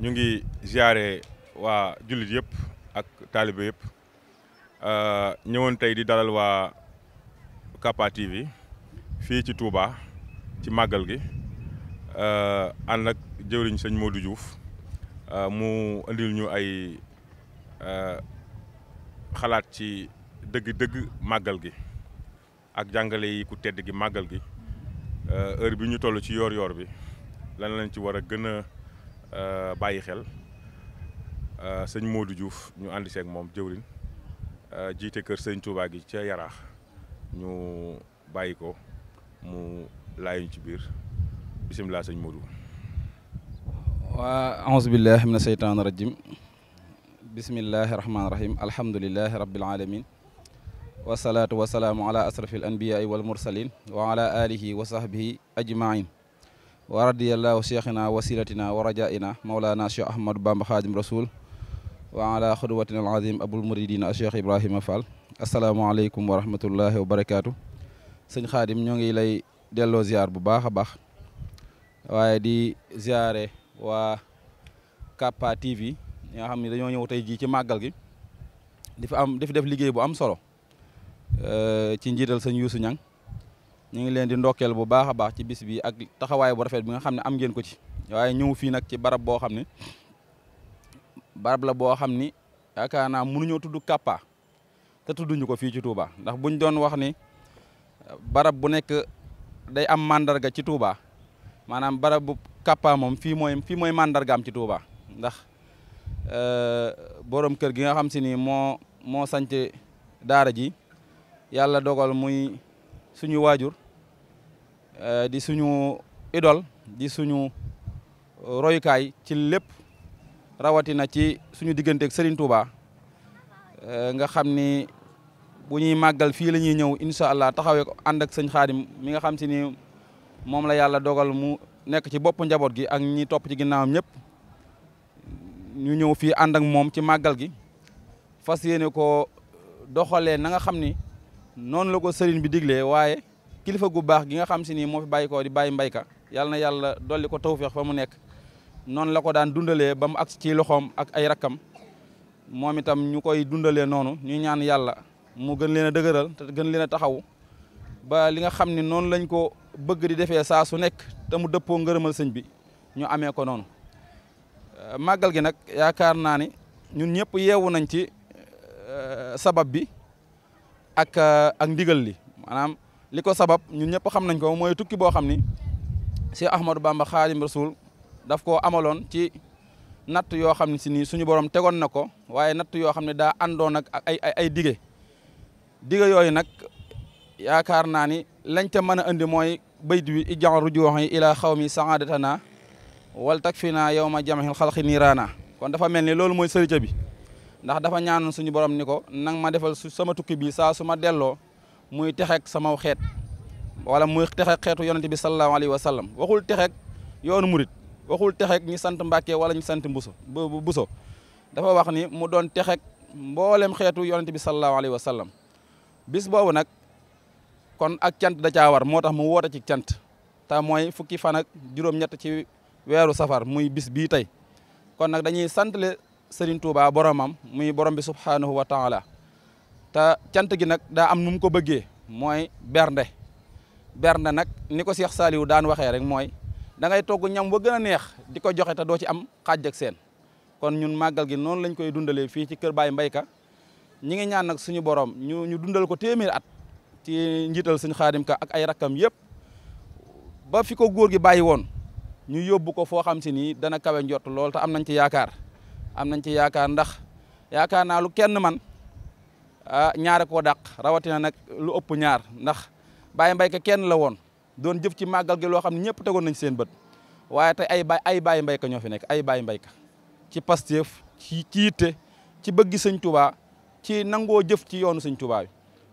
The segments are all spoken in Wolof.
ñu ngi ziare waa jullit yëpp ak taalibe yëpp euh, ñëwoon tey di dalal waa Capa TV fii ci Touba ci màggal gi euh, ànd ak jëwriñ sëñ Modou juuf euh, mu indil ñu ay xalaat ci dëgg-dëgg màggal gi ak jàngale yi ku tedd gi màggal gi heure bi ñu toll ci yoor yoor bi lan lañ ci war a gën a bàyyi xel seigne Modou Diouf ñu andi ci ak mom jeewrin jité keur seigne Touba gi ci Yaraax ñu bàyyi ko mu layuñ ci bir bismillah seigne Modou. wa a'udhu billahi minash shaitanir rajim bismillahi rahmaani rahim alhamdulilahi rabbil alamin wasalaatu wasalaamu ala asrafi al anbiyaai wal mursalin wa ala alihi wa sahbihi ajmain وردي الله شيخنا وسيلتنا ورجائنا مولانا الشيخ احمد بام خادم رسول وعلى خدوتنا العظيم ابو المريدين الشيخ ابراهيم فال السلام عليكم ورحمه الله وبركاته سن خادم نيغي لاي ديلو زيار بو باخا باخ واي زياره وا كابا تي في يا خامي دانيو نيو تاي جي سي ماغال جي ديف ام ديف ديف ليغي بو ام سولو ا ñi ngi leen di ndokkel bu baaxa baax ci bis bi ak taxaway bu rafet bi nga xam am ngeen ko ci waye ñëw fi nak ci barab bo xam barab la bo xam ni mënu ñu tuddu tudd Kappa te tudduñu ko fi ci Touba ndax buñ doon wax ni barab bu nek day am mandarga ci Touba manam barab bu Kappa fi moy fi moy mandarga am ci Touba ndax euh, borom kër gi nga xam ci ni mo mo sanc daara ji yalla dogal muy suñu wajur Eh, di suñu idole di suñu royukaay ci lépp rawatina ci suñu digganteeg Serigne Touba eh, nga xam ni bu ñuy màggal fii la ñuy ñëw incha allah taxawee ko ànd ak sëñ Xaadim mi nga xam si ni moom la yàlla dogal mu nekk ci bopp njaboot gi ak ñi topp ci ginnaawam ñëpp ñu ñëw fii ànd ak moom ci màggal gi fas yéene ko doxalee na nga xam ni noonu la ko sëriñ bi diglee waaye kilifa gu baax gi nga xam si nii moo fi bàyyi koo di bàyyi mbayka yàlla na yàlla dolli ko tawféex fa mu nekk noonu la ko daan dundalee ba mu agsi ci loxoom ak ay rakkam moom itam ñu koy dundalee noonu ñu ñaan yàlla mu gën leen a dëgëral gën leen a taxaw ba li nga xam ni noonu lañ ko bëgg di defee saa su nekk te mu dëppoo ngërëmal sëñ bi ñu amee ko noonu euh, màggal gi nag yaakaar naa ni ñun ñëpp yeewu nañ ci euh, sabab bi ak ak ndigal li maanaam Liko sabab ñun ñëpp xam nañ ko mooy tukki boo xam ni Cheikh Ahmadou Bamba Khadim Rasoul daf koo amaloon ci natt yoo sini, ne si tegon suñu borom tegoon na ko da natt yoo xam ne ak ay ay dige dige yooyu nag ya naa ni lañ ca mën a indi mooy bayt wi ijan rujuhi ila xawmi saadatana wal takfina yawma jamahil xalqi niiraana kon dafa mel ni loolu mooy sërica bi ndax dafa ñaanoon suñu borom niko nang ma defal sama tukki bi muy texeek samaw xeet wala muy texeek xeetu yonente bi sallallahu alayhi wa sallam waxul texeek yoonu murit waxul texeek ñi sant Mbàkke wala ñi sant Buso Buso dafa wax ni mu doon texeek mboolem xeetu yonente bi sallallahu alayhi wa sallam bis boobu nag kon ak cant da caa war moo tax mu woote ci cant ta mooy fukki fan ak juróom-ñett ci weeru safar muy bis bii tey kon nag dañuy santle Serigne Touba boromam muy borom bi subhanahu wa taala ta cant gi nag daa am nu mu ko bëggee mooy bernde bernde nag ni ko Cheikh Saliou daan waxee rek mooy da ngay togg ñam ba gën a neex di ko joxe te doo ci am xaaj ak seen kon ñun màggal gi noonu lañ koy dundalee fii ci kër Baye Mbayka ñi ngi ñaan nag suñu boroom ñu ñu dundal ko téeméer at ci njiital suñ xaadim ka ak ay rakkam yëpp ba fi ko góor gi bàyyi woon ñu yóbbu ko foo xam si nii dana kawe njott lool ta am nañ ci yaakaar am nañ ci yaakaar ndax yaakaar naa lu kenn man ñaare koo dàq rawatina nag lu ëpp ñaar ndax Baye Mbaye kenn la woon doon jëf ci màggal gi loo xam ne ñëpp tegoon nañ seen bët waaye tey ay bay ay Baye Mbaye ka ñoo fi nekk ay Baye Mbaye ka ci Pastef ci ci yitte ci bëgg sëñ Touba ci nangoo jëf ci yoonu sëñ Touba bi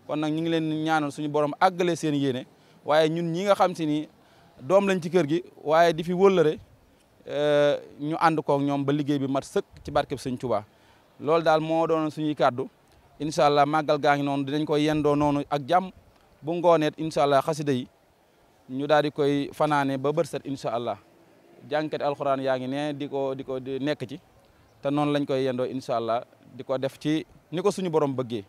kon nag ñu ngi leen ñaanal suñu borom àggale seen yéene waaye ñun ñi nga xam si ni doom lañ ci kër gi waaye di fi wëllëre e, ñu ànd koog ñoom ba liggéey bi mat sëkk ci barkeb sëñ Touba loolu daal moo doon suñuy kàddu inshallah magal màggal non dinañ koy yendo noonu ak jam bu ngooneet inshallah allah yi ñu daal di koy fanane ba bër inshallah jankat alquran yaangi ne di diko di ko di ci te non lañ koy yendo inshallah diko di ko def ci niko suñu borom bëgge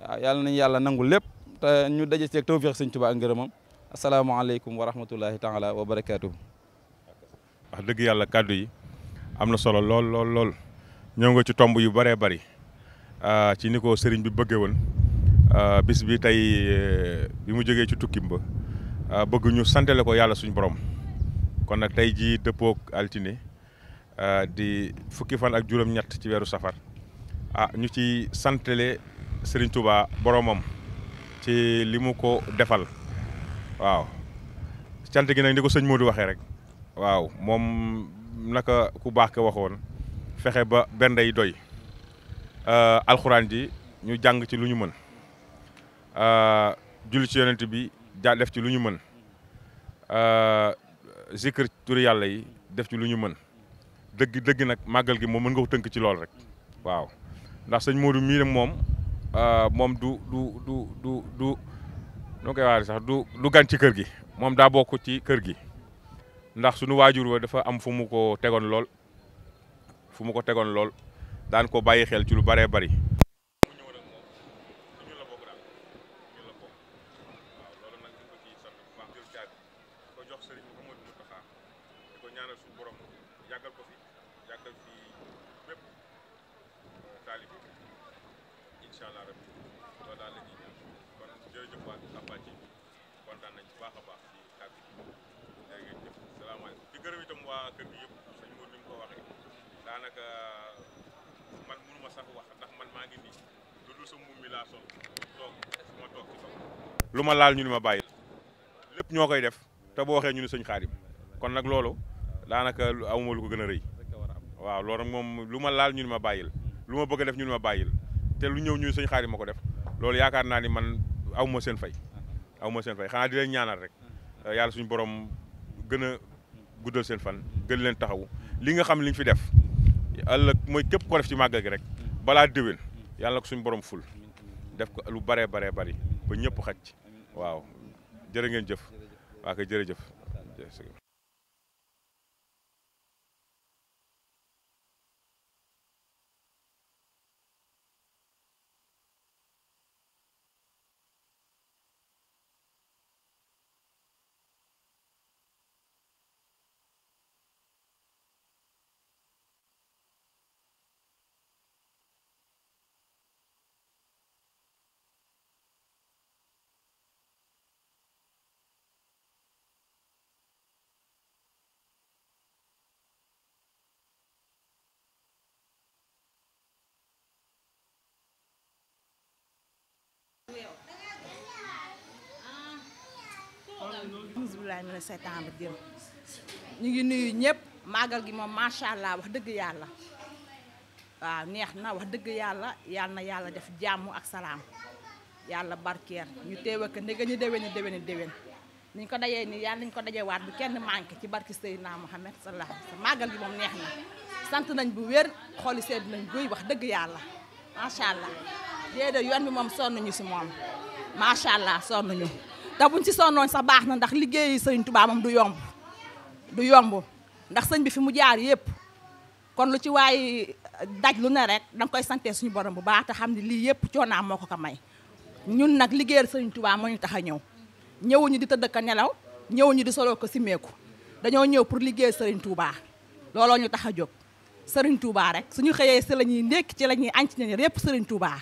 waaw nañ yàlla nangul lepp te ñu ci tawfiq señ tuba Tuubaa assalamu alaykum wa rahmatullahi taala wa barakatuh wax deug yàlla kaddu yi amna solo lol lol lol ñëw nga ci tombu yu bare bare Ah, ci ni ko sëriñ bi bëggee woon ah, bis bi tey eh, bi mu jógee ci tukkim ba ah, bëgg ñu ko yàlla suñu borom kon nag tey jii dëppook altine di fukki fan ak juróom-ñett ci weeru safar a ñu ci santele sëriñ Touba boromam ci li mu ko defal waaw cant gi nag ni ko sëñ Modou waxee rek waaw moom naka ku baax ka waxoon fexe ba benn day doy Euh, alxuraan ji ñu jàng ci lu ñu mën euh, julli ci yonent bi ja def ci lu ñu mën euh, zikr turi yàlla yi def ci lu ñu mën dëgg dëgg nag màggal gi moom mën nga ko ci lool rek waaw ndax sëñ Modou mii nag moom moom du du du du du nu koy waari sax du du gan ci kër gi moom daa bokk ci kër gi ndax suñu waajur wa dafa am fu mu ko tegoon lool fu ko tegoon lool Dan ko baye xel ci lu bëree man ma lu sa ma toog ma laal ñu ni ma bàyyi lépp ñoo koy def te boo waxee ñu ni sëñ Xaadim kon nag loolu daanaka amuma lu ko gën a rëy waaw loolu moom lu ma laal ñun ma bàyyil lu ma bëgg a def ñun ma bàyyil te lu ñëw ñu sëñ Xaadim ma ko def loolu yaakaar naa ni man awma seen fay awma seen fay xanaa di leen ñaanal rek eh, yàlla suñu borom gën a guddal seen fan gën leen taxaw li nga xam liñ fi def ëllëg mooy képp ko def ci màggal rek mm. balaa déwén yàlla na ko suñu borom ful def ko lu baree baree bari ba ñëpp xaj waaw jërë ngeen jëf waa kay jërëjëf billahi mina seytaan jëm ñu ngi nuyu ñëpp màggal gi moom macha allah wax dëgg yàlla waaw neex na wax dëgg yàlla yàlla na yàlla def jàmm ak salaam yàlla barkeer ñu teew ak ndege ñu déwéne déwéne déwén ni ñu ko dajee nii yàlla nañu ko dajewaat bu kenn manqué ci barki Seydina naa sallallahu alayhi wa màggal gi moom neex na sant nañ bu wér xooli sedd nañ guy wax dëgg yàlla macha allah déedéet yoon bi moom sonn ñu si moom macha allah sonn ñu. te buñ ci sonnoon sax baax na ndax liggéeyi sëriñ Tuubaa moom du yomb du yomb ndax sëñ bi fi mu jaar yëpp kon lu ci waaye daj lu ne rek danga koy sante suñu borom bu baax te xam ne lii yëpp coonaam moo ko ko may ñun nag liggéeyal sëriñ Tuubaa moo tax a ñëw ñëwuñu di tëdd ko nelaw ñëwuñu di soloo ko simeeku dañoo ñëw pour liggéeyal sëriñ Tuubaa looloo ñu tax a jóg sëriñ Tuubaa rek suñu xëyee si la ñuy ndékk ci la ñuy añc ne yëpp sëriñ Tuubaa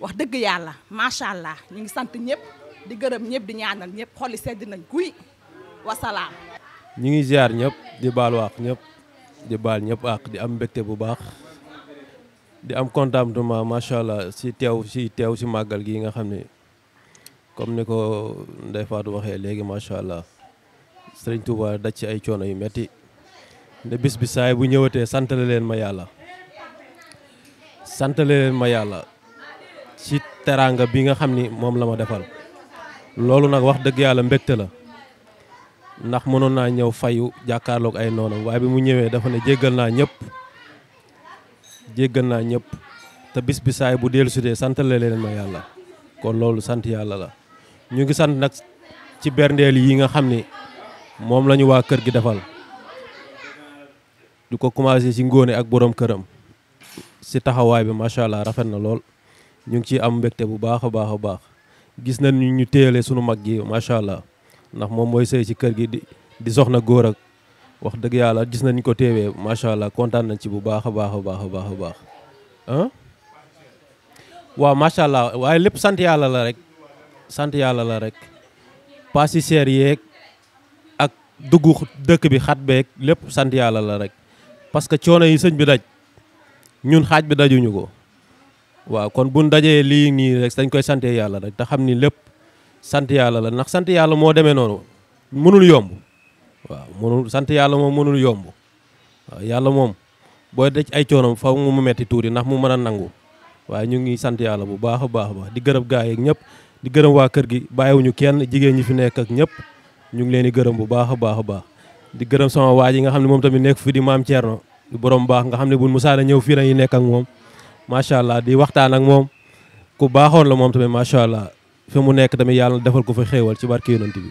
wax dëgg yàlla macha allah ñu ngi sant ñëpp di gërëm ñëpp di ñaanal ñëpp xolli sedd nañ guy wasalaam. ñu ngi ziar ñëpp di baal waax ñëpp di baal ñëpp àq di am mbégte bu baax di am contentement macha allah si teew si teew si màggal gi nga xam ne comme ni ko Ndeye Fatou waxee léegi macha allah Serigne Touba daj ci ay coono yu metti ne bis bi saay bu ñëwatee santale leen ma yàlla santale leen ma yàlla ci teraanga bi nga xam ni moom la ma defal. loolu nag wax dëgg yàlla mbégte la ndax mënoon naa ñëw fayu jàkkaarlook ay noonam waay bi mu ñëwee dafa ne jéggal naa ñëpp jéggal naa ñëpp te bis bi saay bu dellu sudee sant la leen ma yàlla kon loolu sant yàlla la ñu ngi sant nag ci berndeel yi nga xam ni moom la ñu waa kër gi defal du ko commencé ci ngóone ak borom këram si taxawaay bi macha rafet na lool ñu ngi ciy am mbégte bu baax a baax a baax gis nañ ñu ñu téyalee sunu mag ji macha allah ndax moom mooy sëy ci kër gi di di soxna góor ak wax dëgg yàlla gis nañu ko téewee macha allah kontaan nañ ci bu baax a baax a baax a baax a baax ah. waaw macha allah waaye lépp sant yàlla la rek sant yàlla la rek pas yeeg ak dugg dëkk bi xat beeg lépp sant la rek parce que coono yi sëñ bi daj ñun xaaj bi dajuñu ko. waaw kon buñ dajee lii nii rek dañ koy sante yàlla rek te xam ni lépp sant yàlla la ndax sant yàlla moo demee noonu mënul yomb waaw mënul sant yàlla moom mënul yomb waaw yàlla moom booy daj ay coonom faw mu metti tuuti ndax mu mën a nangu waaye ñu ngi sant yàlla bu baax a baax ba di gërëm gaa yeeg ñëpp di gërëm waa kër gi bàyyiwuñu kenn jigéen ñi fi nekk ak ñëpp ñu ngi leen gërëm bu baax baax di gërëm sama waa ji nga xam ne moom tamit nekk fi di maam Thierno di borom baax nga xam ne bu musaana ñëw fii nañu nekk ak moom macha allah di waxtaan ak moom ku baaxoon la moom tamit macha allah fi mu nekk tamit yàlla defal ko fa xéewal ci barke yonent bi